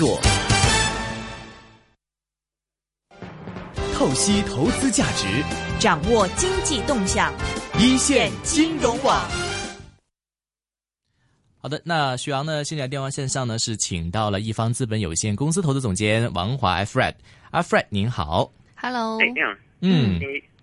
做透析投資價值，掌握經濟動向，一線金融網。好的，那徐陽呢？現在電話線上呢是請到了一方資本有限公司投資總監王華 （Fred）。阿 Fred，您好，Hello，你、嗯、好，嗯。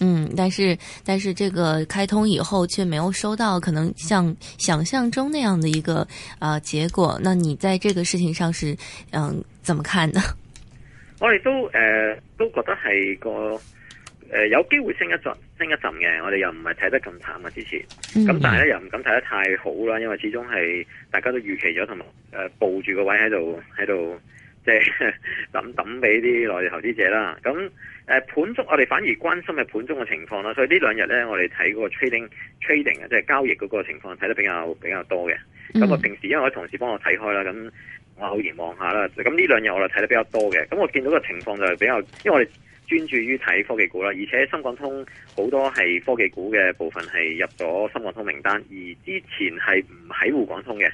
嗯，但是但是這個開通以後卻沒有收到，可能像想象中那樣的一個啊、呃、結果。那你在這個事情上是嗯、呃、怎麼看呢？我哋都誒、呃、都覺得係個誒、呃、有機會升一陣升一陣嘅，我哋又唔係睇得咁慘啊之前，咁、嗯、但係咧又唔敢睇得太好啦，因為始終係大家都預期咗同埋誒抱住個位喺度喺度即係抌抌俾啲內地投資者啦，咁。誒盤中，我哋反而關心係盤中嘅情況啦。所以兩呢兩日咧，我哋睇嗰個 trading trading 啊，即係交易嗰個情況睇得比較比較多嘅。咁啊，平時因為我同事幫我睇開啦，咁我好延望下啦。咁呢兩日我哋睇得比較多嘅。咁我見到個情況就係比較，因為我哋專注於睇科技股啦，而且深港通好多係科技股嘅部分係入咗深港通名單，而之前係唔喺滬港通嘅，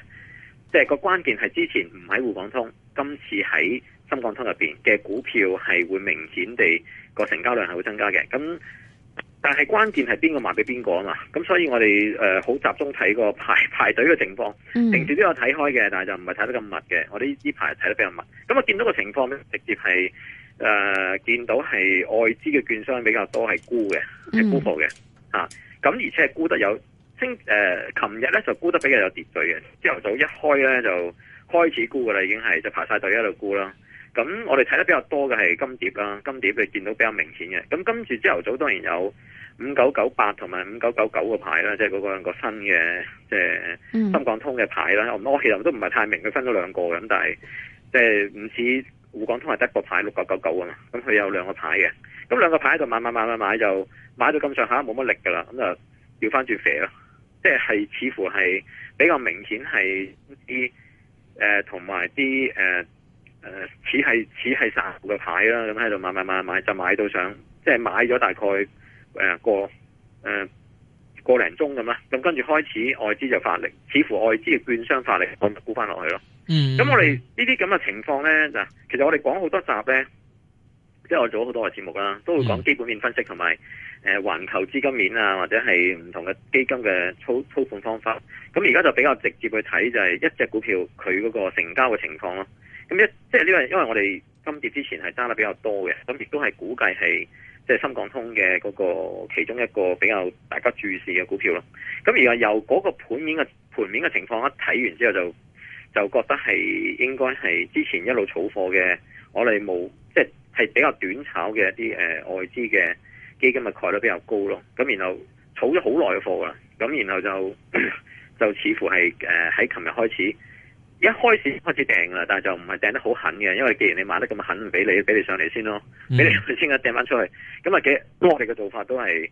即係個關鍵係之前唔喺滬港通，今次喺。深港通入面嘅股票係會明顯地個成交量係會增加嘅，咁但係關鍵係邊個賣俾邊個啊嘛，咁所以我哋誒好集中睇個排排隊嘅情況，平時都有睇開嘅，但係就唔係睇得咁密嘅。我哋呢排睇得比較密，咁我見到個情況咧，直接係誒、呃、見到係外資嘅券商比較多係沽嘅，係沽貨嘅吓，咁而且係沽得有升誒，琴日咧就沽得比較有秩序嘅，朝頭早一開咧就開始沽噶啦，已經係就排晒隊一度沽啦。咁我哋睇得比較多嘅係金蝶啦，金蝶你見到比較明顯嘅。咁跟住朝頭早當然有五九九八同埋五九九九個牌啦，即係嗰兩個新嘅即係深港通嘅牌啦。我我其實都唔係太明，佢分咗兩個咁，但係即係唔似滬港通係得個牌六九九九啊嘛。咁佢有兩個牌嘅，咁兩個牌喺度買買買買買就買到咁上下冇乜力噶啦，咁就掉翻轉飛咯。即係係似乎係比較明顯係啲誒同埋啲誒誒、呃，似係似係散戶嘅牌啦，咁喺度買買買買，就買到上，即係買咗大概誒、呃呃、個誒個零鐘咁啦。咁跟住開始外資就發力，似乎外資嘅券商發力，我估翻落去咯。嗯，咁我哋呢啲咁嘅情況咧，就其實我哋講好多集咧，即係我做咗好多嘅節目啦，都會講基本面分析同埋誒環球資金面啊，或者係唔同嘅基金嘅操操,操控方法。咁而家就比較直接去睇，就係一隻股票佢嗰個成交嘅情況咯。咁即係呢個，因為我哋今跌之前係揸得比較多嘅，咁亦都係估計係即係深港通嘅嗰個其中一個比較大家注視嘅股票咯。咁而家由嗰個盤面嘅盤面嘅情況一睇完之後就，就就覺得係應該係之前一路儲貨嘅，我哋冇即係係比較短炒嘅一啲誒外資嘅基金嘅概率比較高咯。咁然後儲咗好耐嘅貨啦，咁然後就就似乎係誒喺琴日開始。一開始開始訂啦，但係就唔係訂得好狠嘅，因為既然你買得咁狠，唔俾你俾你上嚟先咯，俾、嗯、你上先啊，掟翻出去。咁啊，其實我哋嘅做法都係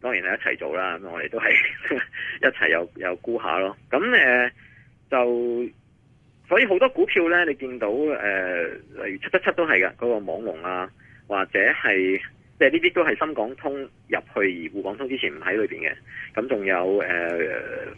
當然係一齊做啦。咁我哋都係 一齊又又估下咯。咁誒、呃、就所以好多股票咧，你見到誒、呃，例如七七七都係噶嗰個網紅啊，或者係。即係呢啲都係深港通入去而滬港通之前唔喺裏邊嘅，咁仲有誒誒、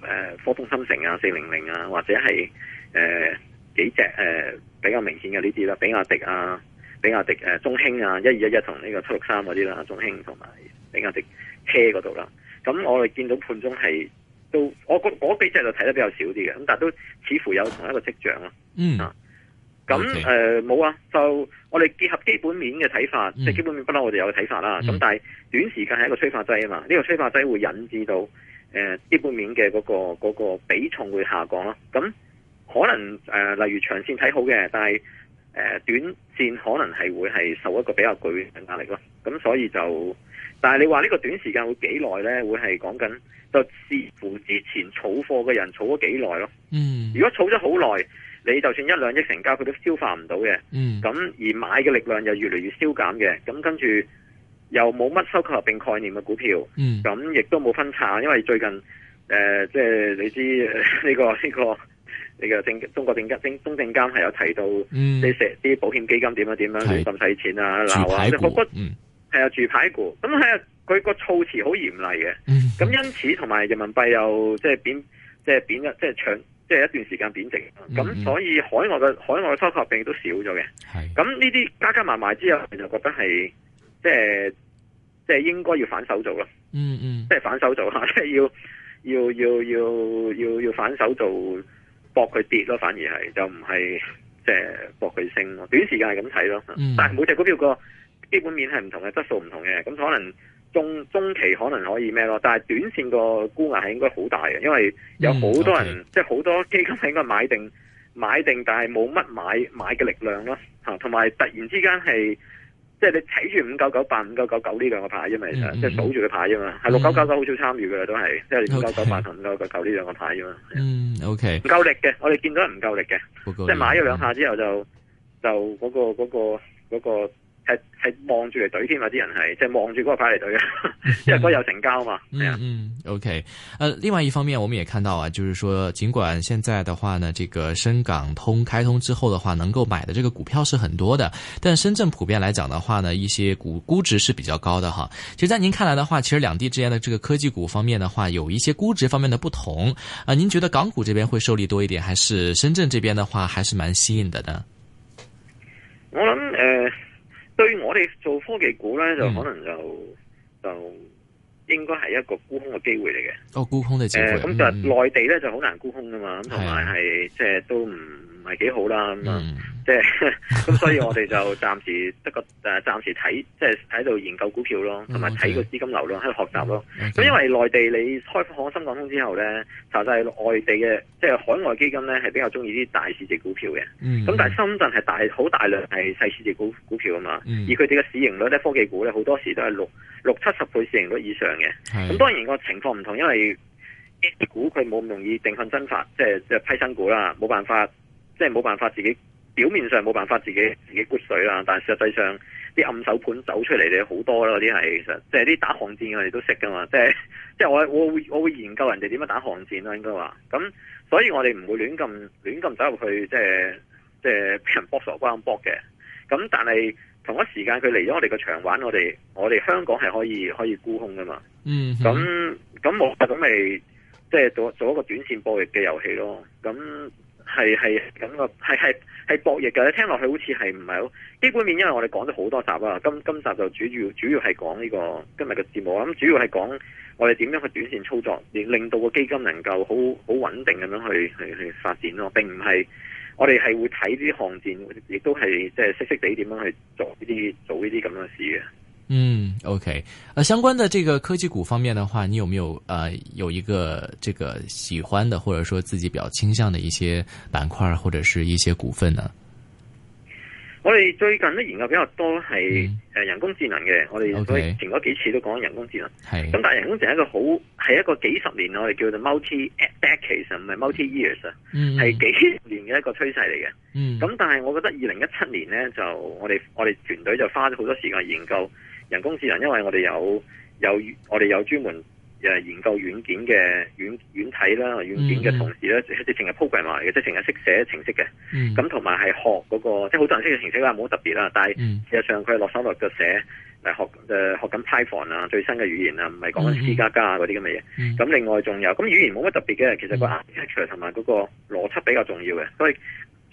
呃、科通芯城啊、四零零啊，或者係誒、呃、幾隻誒、呃、比較明顯嘅呢啲啦，比亞迪啊、比亞迪誒中興啊、一二一一同呢個七六三嗰啲啦，中興同埋比亞迪車嗰度啦。咁我哋見到判中係都，我嗰嗰幾隻就睇得比較少啲嘅，咁但係都似乎有同一個跡象咯、啊。嗯。咁誒，冇、嗯呃、啊，就我哋結合基本面嘅睇法，嗯、即係基本面不嬲，我哋有睇法啦。咁但係短時間係一個催化劑啊嘛，呢、這個催化劑會引致到誒、呃、基本面嘅嗰、那個嗰、那個比重會下降咯。咁、啊、可能誒、呃，例如長線睇好嘅，但係誒、呃、短線可能係會係受一個比較巨嘅壓力咯。咁、啊、所以就，但係你話呢個短時間會幾耐咧？會係講緊就視乎之前儲貨嘅人儲咗幾耐咯。嗯，如果儲咗好耐。你就算一兩億成交，佢都消化唔到嘅。咁、嗯、而買嘅力量又越嚟越消減嘅。咁跟住又冇乜收購合併概念嘅股票。咁亦都冇分拆。因為最近誒，即、呃、係、就是、你知呢、這個呢、這個呢、這個、這個、中國證監，證中證監係有提到，嗯、即係啲保險基金點樣點樣去掙使錢啊，鬧啊。嗯，係啊，住牌股。咁係啊，佢、就、個、是嗯、措辭好嚴厲嘅。咁、嗯、因此同埋人民幣又即係貶，即係貶一，即係搶。就是扁就是搶。即係一段時間貶值，咁、嗯嗯、所以海外嘅海外嘅收購並都少咗嘅。咁呢啲加加埋埋之後，你就覺得係即係即係應該要反手做咯。嗯嗯，即係反手做吓，即係要要要要要要反手做搏佢跌咯，反而係就唔係即係搏佢升咯。短時間係咁睇咯，但係每隻股票個基本面係唔同嘅，質素唔同嘅，咁可能。中中期可能可以咩咯？但係短綫個沽壓係應該好大嘅，因為有好多人、嗯、okay, 即係好多基金係應該買定買定，但係冇乜買買嘅力量咯。吓、啊，同埋突然之間係即係你睇住五九九八、五九九九呢兩個牌，因為即係數住個牌啫嘛，係六九九九好少參與噶啦，都係即係五九九八同五九九九呢兩個牌啫嘛。嗯，OK。唔夠力嘅，我哋見到係唔夠力嘅，即係、就是、買咗兩下之後就、嗯、就嗰個嗰個嗰個。那個那個係係望住嚟懟添嘛啲人係即係望住嗰個牌嚟懟嘅，因為嗰有成交嘛。 嗯嗯，OK 呃。呃另外一方面，我們也看到啊，就是說，盡管現在的話呢，這個深港通開通之後的話，能夠買的這個股票是很多的，但深圳普遍來講的話呢，一些股估值是比較高的哈。其實，在您看來的話，其實兩地之間的這個科技股方面的話，有一些估值方面的不同啊、呃。您覺得港股這邊會受力多一點，還是深圳這邊的話，還是蠻吸引的呢？我諗呃我哋做科技股咧，就可能就、嗯、就應該係一個沽空嘅機會嚟嘅。哦，沽空嘅機會。咁、呃嗯、就內地咧就好難沽空噶嘛，咁同埋係即係都唔。唔係幾好啦咁樣，即係咁，mm. 所以我哋就暫時得個誒，暫時睇即係喺度研究股票咯，同埋睇個資金流量喺度學習咯。咁、mm. okay. 因為內地你開放好深港通之後咧，查實外地嘅即係海外基金咧係比較中意啲大市值股票嘅。咁、mm. 但係深圳係大好大量係細市值股股票啊嘛，mm. 而佢哋嘅市盈率咧，科技股咧好多時都係六六七十倍市盈率以上嘅。咁、mm. 當然個情況唔同，因為 A 股佢冇咁容易定向增發，即係即係批新股啦，冇辦法。即係冇辦法自己表面上冇辦法自己自己骨水啦，但係實際上啲暗手盤走出嚟嘅好多啦，嗰啲係其實即係啲打巷戰我哋都識噶嘛，即係即係我我會我會研究人哋點樣打巷戰啦，應該話咁，所以我哋唔會亂咁亂咁走入去，即係即係俾人搏傻瓜咁搏嘅。咁但係同一時間佢嚟咗我哋個場玩，我哋我哋香港係可以可以沽空噶嘛。嗯。咁咁我咁咪即係做做一個短線博弈嘅遊戲咯。咁。係係咁個係係係博弈㗎，你聽落去好似係唔係好基本面。因為我哋講咗好多集啦，今今集就主要主要係講呢個今日嘅節目啊。咁主要係講我哋點樣去短線操作，令到個基金能夠好好穩定咁樣去去去發展咯，並唔係我哋係會睇啲巷戰，亦都係即係識識哋點樣去做呢啲做呢啲咁樣嘅事嘅。嗯，OK，啊、呃，相關的這個科技股方面的話，你有沒有啊、呃、有一個這個喜歡的，或者說自己比較傾向的一些板塊或者是一些股份呢？我哋最近都研究比較多係誒人工智能嘅，嗯，我哋亦都前幾次都講人工智能係。咁、okay, 但係人工智能一個好係一個幾十年我哋叫做 multi decades 唔係 multi years 啊、嗯，係幾年嘅一個趨勢嚟嘅。咁、嗯、但係我覺得二零一七年呢，就我哋我哋團隊就花咗好多時間研究。人工智能，因為我哋有有我哋有專門誒研究軟件嘅軟軟體啦，軟件嘅同時咧，直直情係 programmer 嘅，即係成日識寫程式嘅。咁同埋係學嗰、那個，即係好多人識寫程式啦，冇特別啦。但係事實上佢係落手落腳寫嚟學誒學緊 Python 啊，最新嘅語言啊，唔係講緊 C 加加啊嗰啲咁嘅嘢。咁、嗯嗯、另外仲有，咁語言冇乜特別嘅，其實個 architecture 同埋嗰個邏輯比較重要嘅，所以。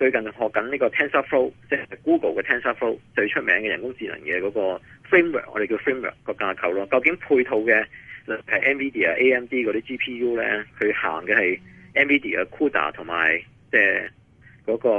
最近學緊呢個 TensorFlow，即係 Google 嘅 TensorFlow 最出名嘅人工智能嘅嗰個 framework，我哋叫 framework 個架構咯。究竟配套嘅係 NVIDIA、AMD 嗰啲 GPU 咧，佢行嘅係 NVIDIA 嘅 CUDA 同埋即係嗰個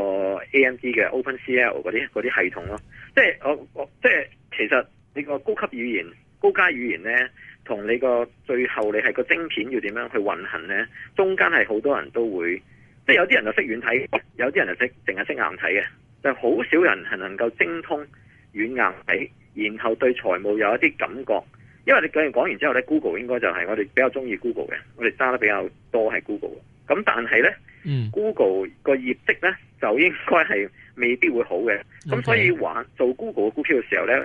AMD 嘅 OpenCL 嗰啲嗰啲系統咯、啊。即係我我即係其實你個高級語言、高階語言咧，同你個最後你係個晶片要點樣去運行咧，中間係好多人都會。即係有啲人就識軟睇，有啲人就識淨係識硬睇嘅，就好、是、少人係能夠精通軟硬睇，然後對財務有一啲感覺。因為你講完講完之後咧，Google 應該就係我哋比較中意 Google 嘅，我哋揸得比較多係 Google。咁但係咧，嗯，Google 個業績咧就應該係未必會好嘅。咁、嗯、所以話做 Google 嘅股票嘅時候咧，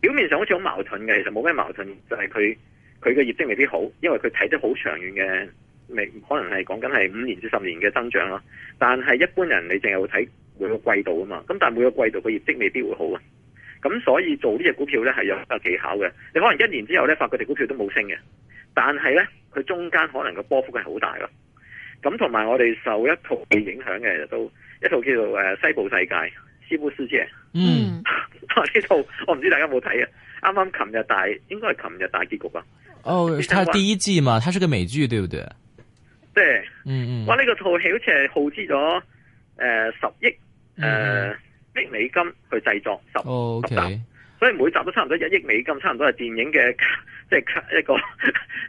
表面上好似好矛盾嘅，其實冇咩矛盾，就係佢佢嘅業績未必好，因為佢睇得好長遠嘅。未可能係講緊係五年至十年嘅增長咯，但係一般人你淨係會睇每個季度啊嘛，咁但係每個季度個業績未必會好啊，咁所以做呢隻股票咧係有技巧嘅，你可能一年之後咧發佢哋股票都冇升嘅，但係咧佢中間可能個波幅係好大咯，咁同埋我哋受一套嘅影響嘅都一套叫做誒，西部世界西部世界，嗯呢 套我唔知大家有冇睇啊，啱啱琴日大應該係琴日大結局啦。哦，佢係第一季嘛，佢係個美劇，對唔對？即係，哇！呢、這個套戲好似係耗資咗誒十億誒億美金去製作十集，10, oh, okay. 所以每集都差唔多一億美金，差唔多係電影嘅即係一個，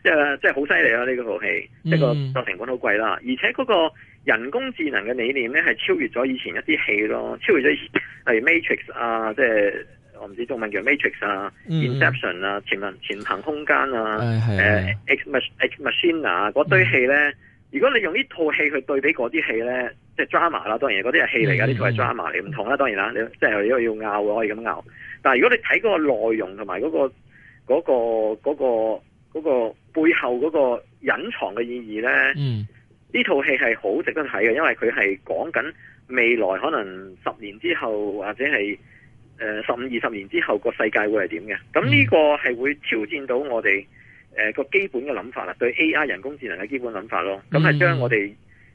即係即係好犀利啦！呢、啊這個套戲一、嗯這個作成本好貴啦，而且嗰個人工智能嘅理念咧係超越咗以前一啲戲咯，超越咗例如 Matrix 啊，即係我唔知中文叫 Matrix 啊、嗯、，Inception 啊，前、潛行空間啊，誒、哎啊呃、，Ex Machina 嗰堆戲咧。嗯如果你用呢套戲去對比嗰啲戲呢，即係 drama 啦，當然嗰啲係戲嚟㗎，呢套係 drama 嚟，唔同啦，當然啦，即係又要拗，可以咁拗。但係如果你睇嗰個內容同埋嗰個嗰、嗰個嗰、嗰個嗰、嗰個、嗰個、背後嗰個隱藏嘅意義呢，呢、嗯、呢套戲係好值得睇嘅，因為佢係講緊未來可能十年之後或者係誒十五二十年之後個世界會係點嘅。咁、嗯、呢個係會挑戰到我哋。誒個基本嘅諗法啦，對 AI 人工智能嘅基本諗法咯，咁係將我哋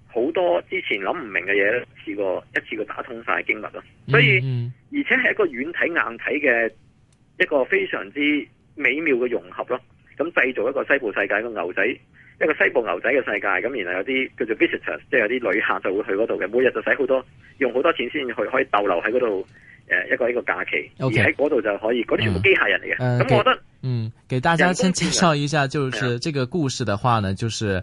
好多之前諗唔明嘅嘢，試過一次過打通晒經脈咯。所以而且係一個軟體硬體嘅一個非常之美妙嘅融合咯。咁製造一個西部世界嘅牛仔，一個西部牛仔嘅世界，咁然後有啲叫做 visitors，即係有啲旅客就會去嗰度嘅，每日就使好多用好多錢先去可以逗留喺嗰度。誒，一個一個假期，okay，而喺嗰度就可以，嗰啲、嗯、全部機械人嚟嘅。咁、嗯、我覺得，嗯，給大家先介紹一下，就是這個故事的話呢，就是。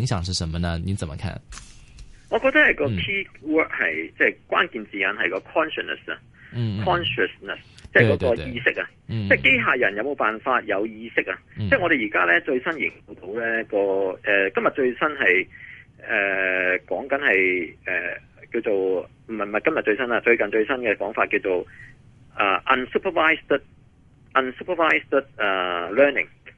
影響是什麼呢？你怎麼看？我覺得係個 key word 係即係關鍵字眼係個 consciousness，consciousness、嗯 consciousness, 嗯、即係嗰個意識啊！即係機械人有冇辦法有意識啊？嗯、即係我哋而家咧最新研究到咧、那個誒、呃，今日最新係誒講緊係誒叫做唔係唔係今日最新啊，最近最新嘅講法叫做啊、呃、unsupervised unsupervised 誒、呃、learning。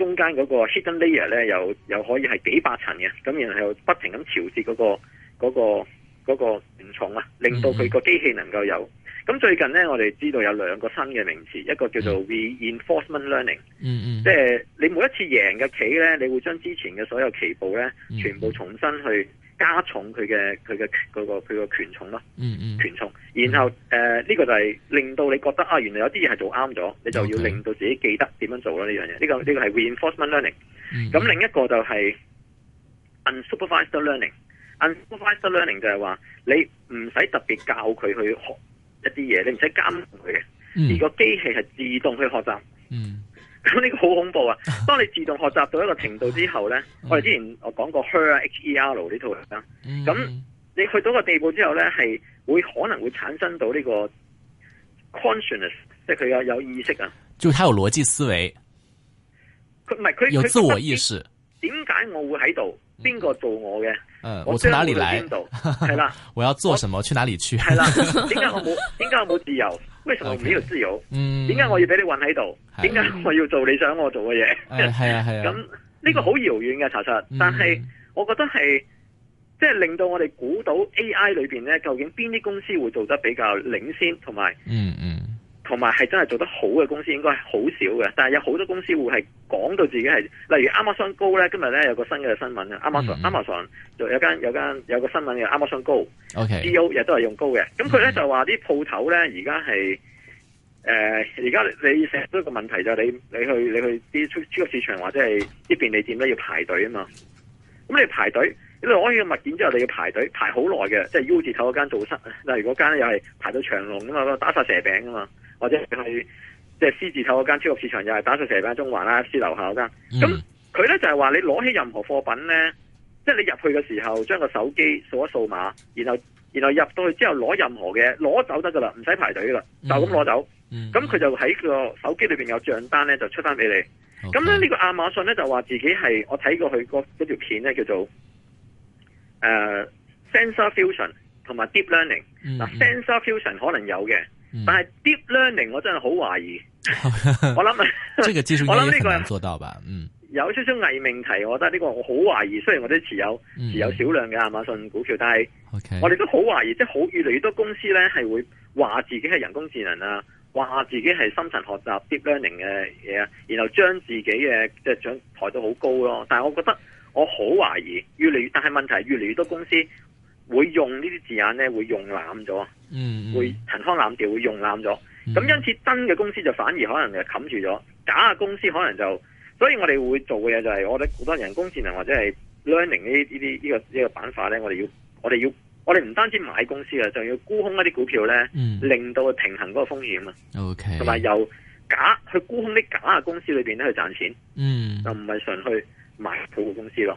中間嗰個 hidden layer 咧，又又可以係幾百層嘅，咁然後不停咁調節嗰個嗰個嗰個重啊，令到佢個機器能夠有。咁最近咧，我哋知道有兩個新嘅名詞，一個叫做 reinforcement learning，、嗯嗯、即係你每一次贏嘅棋咧，你會將之前嘅所有棋步咧、嗯，全部重新去加重佢嘅佢嘅佢嘅權重咯，權重、嗯嗯。然後誒呢、嗯呃這個就係令到你覺得啊，原來有啲嘢係做啱咗，你就要令到自己記得點樣做咯。呢樣嘢。呢、這個呢、這個、係 reinforcement learning、嗯。咁另一個就係 unsupervised learning、嗯。unsupervised learning 就係話你唔使特別教佢去學。一啲嘢，你唔使監控佢嘅，而個機器係自動去學習。嗯，咁、這、呢個好恐怖啊！當你自動學習到一個程度之後咧、嗯，我哋之前我講過 Her，H E R 呢套嘢啦。咁、嗯、你去到個地步之後咧，係會可能會產生到呢個 consciousness 即係佢有有意識啊。就係佢有邏輯思維，佢唔係，佢有自我意識。點解我會喺度？邊個做我嘅、嗯？我去哪裏來？係啦，我要做什麼？去哪裏去？係 啦，點解我冇？點解我冇自由？為什麼我沒有自由？Okay, 嗯，點解我要俾你困喺度？點解、啊、我要做你想我做嘅嘢？係啊係啊。咁呢、啊這個好遙遠嘅查實、嗯，但係我覺得係，即、就、係、是、令到我哋估到 AI 裏邊咧，究竟邊啲公司會做得比較領先，同埋嗯嗯。嗯同埋係真係做得好嘅公司應該係好少嘅，但係有好多公司會係講到自己係，例如 Amazon Go 咧，今日咧有個新嘅新聞嘅、嗯、Amazon，Amazon 就有間有間有個新聞嘅 Amazon Go，Okay，CEO 亦都係用 Go 嘅，咁佢咧就話啲鋪頭咧而家係誒，而家你成日都有個問題就係、是、你你去你去啲超超級市場或者係啲便利店咧要排隊啊嘛，咁你排隊，因為攞起個物件之後你要排隊排好耐嘅，即係 U 字頭嗰間造新，例如嗰間又係排到長龍啊嘛，打晒蛇餅啊嘛。或者係即係 C 字頭嗰間超級市場又係打掃蛇餅中環啦，C 樓下嗰間。咁佢咧就係、是、話你攞起任何貨品咧，即、就、係、是、你入去嘅時候將個手機掃一掃碼，然後然後入到去之後攞任何嘅攞走得噶啦，唔使排隊啦，mm-hmm. 就咁攞走。咁、mm-hmm. 佢就喺個手機裏面有賬單咧，就出翻俾你。咁、okay. 咧呢個亞馬遜咧就話自己係我睇過佢嗰條片咧叫做誒、呃、sensor fusion 同埋 deep learning。嗱、mm-hmm. sensor fusion 可能有嘅。但係 deep learning 我真係好懷疑、嗯， 我諗想呢 個技術我諗呢個做到吧，嗯，有少少偽命題，我覺得呢個我好懷疑。雖然我哋持有、嗯、持有少量嘅亞馬遜股票，但係我哋都好懷疑，即、就、係、是、好越嚟越多公司咧係會話自己係人工智能啊，話自己係深層學習 deep learning 嘅嘢，然後將自己嘅即係想抬到好高咯。但係我覺得我好懷疑，越嚟但係問題係越嚟越多公司，會用呢啲字眼咧，會用濫咗，嗯、mm-hmm.，會陳腔濫調，會用濫咗。咁、mm-hmm. 因此，真嘅公司就反而可能就冚住咗，假嘅公司可能就，所以我哋會做嘅嘢就係、是，我覺得好多人工智能或者係 learning、這個這個、法呢呢啲呢個呢個板塊咧，我哋要我哋要我哋唔單止買公司啊，仲要沽空一啲股票咧，mm-hmm. 令到佢平衡嗰個風險啊。O K.，同埋由假去沽空啲假嘅公司裏邊咧去賺錢，嗯、mm-hmm.，就唔係純去買好嘅公司咯。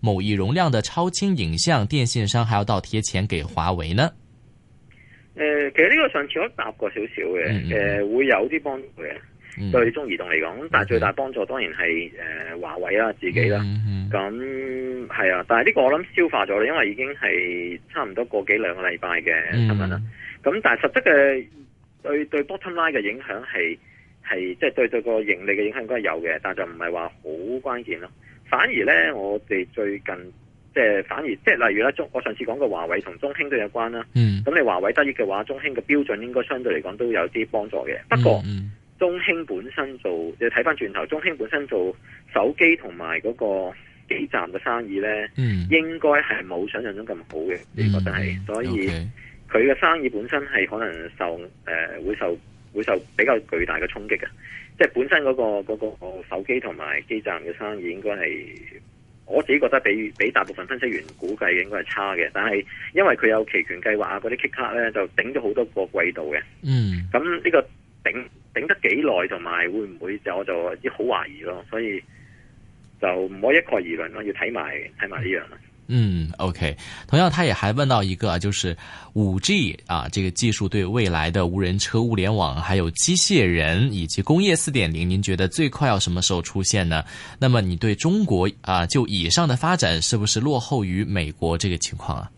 某一容量嘅超清影像，電信商還要倒貼錢給華為呢？誒、呃，其實呢個上次我答過少少嘅，誒、嗯、會有啲幫助嘅、嗯，對中移動嚟講，咁但係最大幫助當然係誒華為啦，自己啦，咁、嗯、係、嗯嗯嗯、啊，但係呢個我諗消化咗啦，因為已經係差唔多過幾兩個禮拜嘅新聞啦，咁、嗯、但係實質嘅對對 bottom line 嘅影響係係即係對對個盈利嘅影響應該係有嘅，但就唔係話好關鍵咯。反而咧，我哋最近即係反而即係，例如咧中，我上次講過華為同中興都有關啦。嗯。咁你華為得益嘅話，中興嘅標準應該相對嚟講都有啲幫助嘅。不過、嗯，中興本身做，你睇翻轉頭，中興本身做手機同埋嗰個基站嘅生意咧，嗯，應該係冇想象中咁好嘅，你覺得係？所以佢嘅、okay. 生意本身係可能受誒、呃、會受會受比較巨大嘅衝擊嘅。即係本身嗰、那個嗰、那個手機同埋機站嘅生意應該係我自己覺得比比大部分分析員估計應該係差嘅，但係因為佢有期權計劃啊啲 kick up 咧，那些卡卡就頂咗好多個季度嘅。嗯，咁呢個頂頂得幾耐同埋會唔會就我就好懷疑咯，所以就唔可以一概而論咯，要睇埋睇埋呢樣啦。嗯，OK。同樣，他也還問到一個啊，就是五 G 啊，這個技術對未來的無人車、物聯網，還有機械人以及工業四點零，您覺得最快要什麼時候出現呢？那麼你對中國啊，就以上的發展，是不是落後於美國這個情況啊？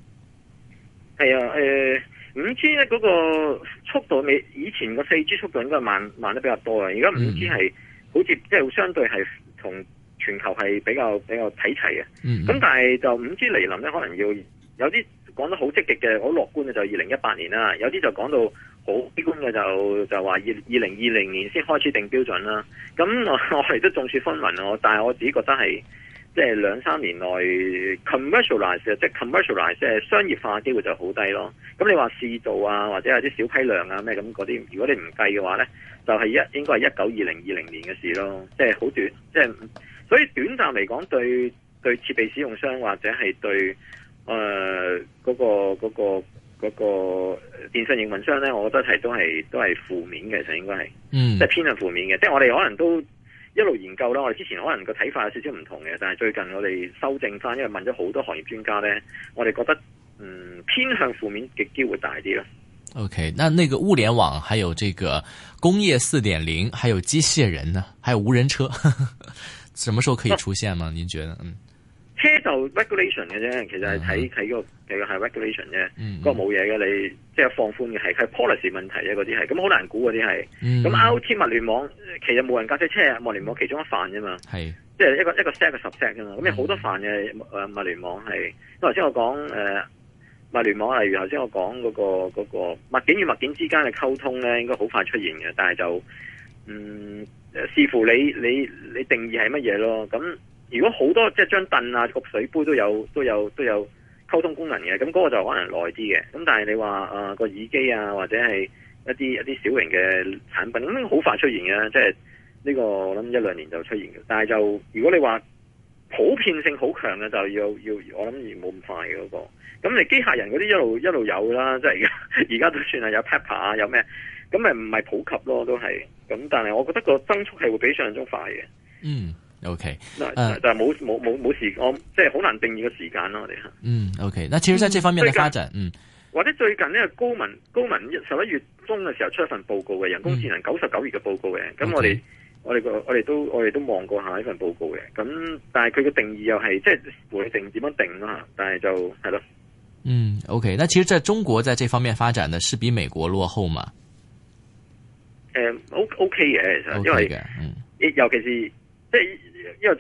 係啊，呃五 G 呢，嗰個速度你以前個四 G 速度應該慢慢得比較多啊。而家五 G 係好似即係相對係同。全球係比較比較睇齊嘅，咁、mm-hmm. 但係就 5G 嚟臨咧，可能要有啲講得好積極嘅，好樂觀嘅就二零一八年啦；有啲就講到好悲觀嘅就就話二二零二零年先開始定標準啦。咁我我都眾說紛紜我，但係我自己覺得係即係兩三年內 commercialize 即係 commercialize 即係商業化機會就好低咯。咁你話試做啊，或者有啲小批量啊咩咁嗰啲，如果你唔計嘅話咧，就係、是、一應該係一九二零二零年嘅事咯，即係好短，即、即係所以短暫嚟講，對對設備使用者或者係對誒嗰、呃那個嗰、那個、那個那個電信營運商咧，我覺得係都係都係負面嘅，其實應該係，嗯，即係偏向負面嘅。即係我哋可能都一路研究啦，我哋之前可能個睇法有少少唔同嘅，但係最近我哋修正翻，因為問咗好多行業專家咧，我哋覺得嗯偏向負面嘅機會大啲咯。OK，那那個物聯網，還有這個工業四點零，還有機械人呢？還有無人車？ 什麼時候可以出現嗎？嗯、您覺得嗯？車就 regulation 嘅啫，其實係睇睇個，係 regulation 啫，個冇嘢嘅你，即係放寬嘅係，係 policy 問題啫，嗰啲係咁好難估嗰啲係。咁 IoT 物聯網其實冇人駕駛車，物聯網其中一範啫嘛，係即係一個一個 set 嘅十 set 嘅嘛，咁有好多範嘅誒物聯網係。咁頭先我講誒物聯網，例如頭先我講嗰個嗰個物件與物件之間嘅溝通咧，應該好快出現嘅，但係就嗯。視乎你你你定義係乜嘢咯？咁如果好多即係張凳啊個水杯都有都有都有溝通功能嘅，咁、那、嗰個就可能耐啲嘅。咁但係你話啊、呃、個耳機啊或者係一啲一啲小型嘅產品，好、那個、快出現嘅，即係呢個我諗一兩年就出現嘅。但係就如果你話普遍性好強嘅，就要要我諗而冇咁快嘅嗰、那個。咁你機械人嗰啲一路一路有啦，即係而家而家都算係有 Pepper 啊，有咩？咁咪唔係普及咯，都係咁。但係我覺得個增速係會比想象中快嘅。嗯，O K 嗱，okay, uh, 但係冇冇冇冇時即係好難定義個時間咯。我哋吓嗯，O K。Okay, 那其實在這方面嘅發展，嗯，或者最近呢個高文高文十一月中嘅時候出一份報告嘅人工智能九十九頁嘅報告嘅。咁、嗯、我哋、okay, 我哋個我哋都我哋都望過一下呢份報告嘅。咁但係佢嘅定義又係即係回定點樣定吓？但係就係咯。嗯，O K。Okay, 那其實在中國在這方面發展呢，是比美國落後嘛？誒，O O K 嘅其實，因為，尤其是即係因為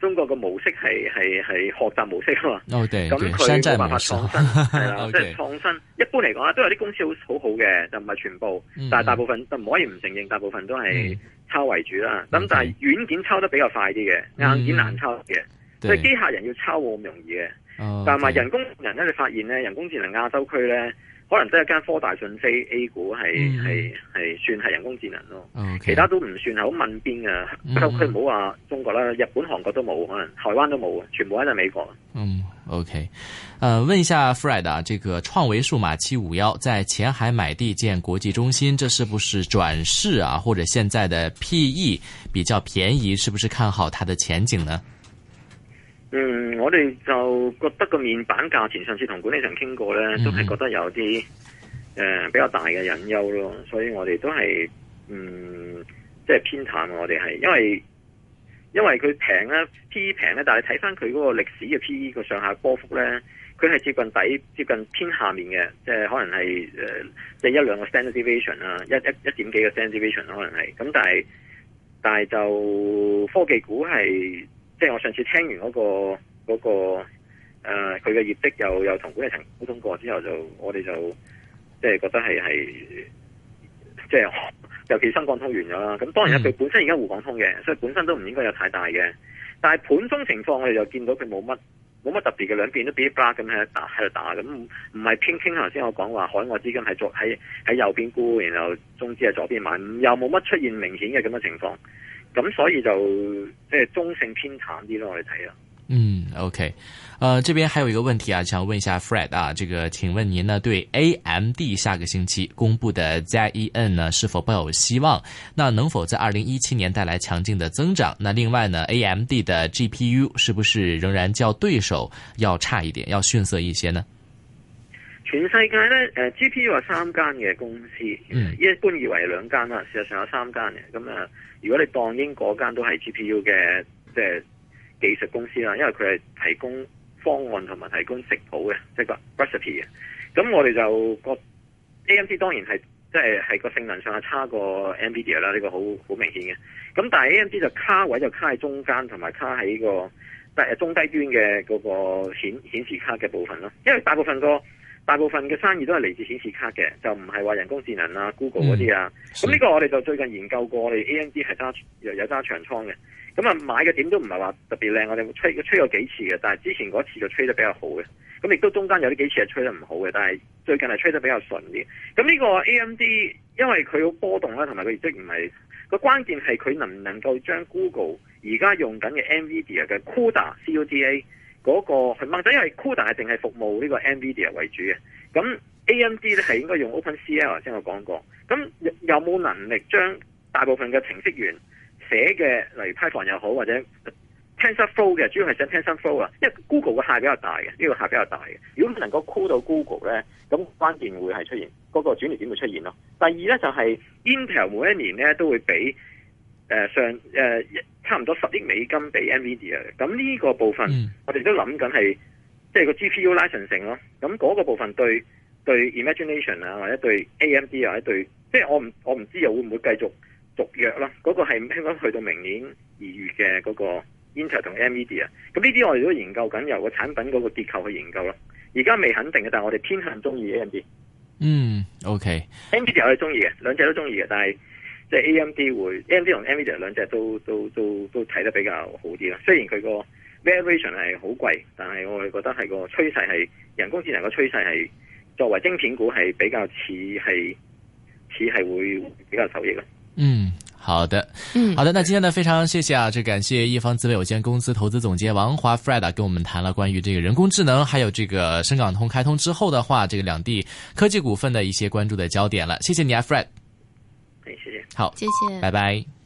中國個模式係係係學習模式啊嘛，咁佢冇辦法創新係啦，即係創新。一般嚟講啊，都有啲公司好好好嘅，就唔係全部，但係大部分就唔、mm-hmm. 可以唔承認，大部分都係抄為主啦。咁、okay. 但係軟件抄得比較快啲嘅，硬件難抄嘅，即、mm-hmm. 以機械人要抄冇咁容易嘅。Okay. 但係人工人咧，你發現咧，人工智能亞洲區咧。可能都係一間科大訊飛 A 股係係係算係人工智能咯，okay. 其他都唔算好問邊嘅，就佢唔好話中國啦、嗯，日本、韓國都冇可能，台灣都冇，全部喺度美國。嗯，OK，呃問一下 Fred 啊，這個創維數碼七五幺在前海買地建國際中心，這是不是轉勢啊？或者現在的 PE 比較便宜，是不是看好它的前景呢？嗯，我哋就。覺得個面板價錢，上次同管理層傾過呢，都係覺得有啲誒、呃、比較大嘅隱憂咯，所以我哋都係嗯即係偏淡我。我哋係因為因為佢平呢 P E 平呢，但係睇翻佢嗰個歷史嘅 P E 個上下波幅呢，佢係接近底，接近偏下面嘅，即係可能係誒即係一兩個 standard deviation 啦，一一一點幾個 standard deviation 可能係咁，但係但係就科技股係即係我上次聽完嗰、嗰個，那個誒、呃，佢嘅業績又又同管理層溝通過之後就，我們就我哋就即係覺得係係，即係尤其深港通完咗啦。咁當然佢本身而家滬港通嘅，所以本身都唔應該有太大嘅。但係盤中情況，我哋就見到佢冇乜冇乜特別嘅，兩邊都噼里啪啦咁喺喺度打。咁唔係偏輕，頭先我講話海外資金係左喺喺右邊沽，然後中資係左邊買，又冇乜出現明顯嘅咁嘅情況。咁所以就即係中性偏淡啲咯，我哋睇啊。嗯，OK，呃，這邊還有一個問題啊，想問一下 Fred 啊，這個請問您呢對 AMD 下個星期公布的 Zen 呢是否抱有希望？那能否在二零一七年帶來強勁的增長？那另外呢，AMD 的 GPU 是不是仍然較對手要差一點，要遜色一些呢？全世界呢、呃、GPU 有三間嘅公司，嗯，一般以為兩間啦，事實上有三間嘅。咁啊，如果你當英嗰間都係 GPU 嘅，即、呃、係。技術公司啦，因為佢係提供方案同埋提供食譜嘅，即係個 recipe 嘅。咁我哋就個 AMD 當然係即係係個性能上係差過 NVIDIA 啦，呢個好好明顯嘅。咁但係 AMD 就卡位就卡喺中間，同埋卡喺個低中低端嘅嗰個顯、顯示卡嘅部分咯。因為大部分個大部分嘅生意都係嚟自顯示卡嘅，就唔係話人工智能啊、Google 嗰啲啊。咁、嗯、呢個我哋就最近研究過，我哋 AMD 係揸有揸長倉嘅。咁啊買嘅點都唔係話特別靚，我哋吹吹過幾次嘅，但係之前嗰次就吹得比較好嘅。咁亦都中間有啲幾次係吹得唔好嘅，但係最近係吹得比較順啲。咁呢個 AMD 因為佢好波動啦，同埋佢亦都唔係個關鍵係佢能唔能夠將 Google 而家用緊嘅 NVIDIA 嘅 CUDA C U D A。嗰、那個佢問仔係 CUDA 係淨係服務呢個 NVIDIA 為主嘅，咁 AMD 咧係應該用 OpenCL，聽我講過。咁有冇能力將大部分嘅程式員寫嘅，例如 Python 又好，或者 TensorFlow 嘅，主要係寫 TensorFlow 啊，因為 Google 嘅客比較大嘅，呢、這個客比較大嘅。如果能夠酷到 Google 咧，咁關鍵會係出現嗰、那個轉捩點會出現咯。第二咧就係、是、Intel 每一年咧都會俾。誒、呃，上誒、呃，差唔多十億美金俾 NVIDIA 嘅，咁呢個部分我哋都諗緊係，即係個 GPU license 成咯。咁嗰個部分對對 Imagination 啊，或者對 AMD 啊，或者對，即係我唔我唔知又會唔會繼續續約咯。嗰、那個係應該去到明年二月嘅嗰個 Intel 同 NVIDIA 啊。咁呢啲我哋都研究緊，由個產品嗰個結構去研究咯。而家未肯定嘅，但係我哋偏向中意 AMD。嗯，OK，NVIDIA、okay。我係中意嘅，兩者都中意嘅，但係。即係 A M D 會，A M D 同 A M D 兩隻都都都都睇得比較好啲啦。雖然佢個 valuation 係好貴，但係我哋覺得係個趨勢，係人工智能個趨勢，係作為晶片股係比較似係似係會比較受益咯。嗯，好的，嗯，好的。那今天呢非常謝謝啊，就感謝一方資本有限公司投資總監王華 Fred 啊，跟我們談了關於這個人工智能，還有這個深港通開通之後的話，這個兩地科技股份的一些關注的焦點了。謝謝你啊，Fred。好，謝謝，拜拜。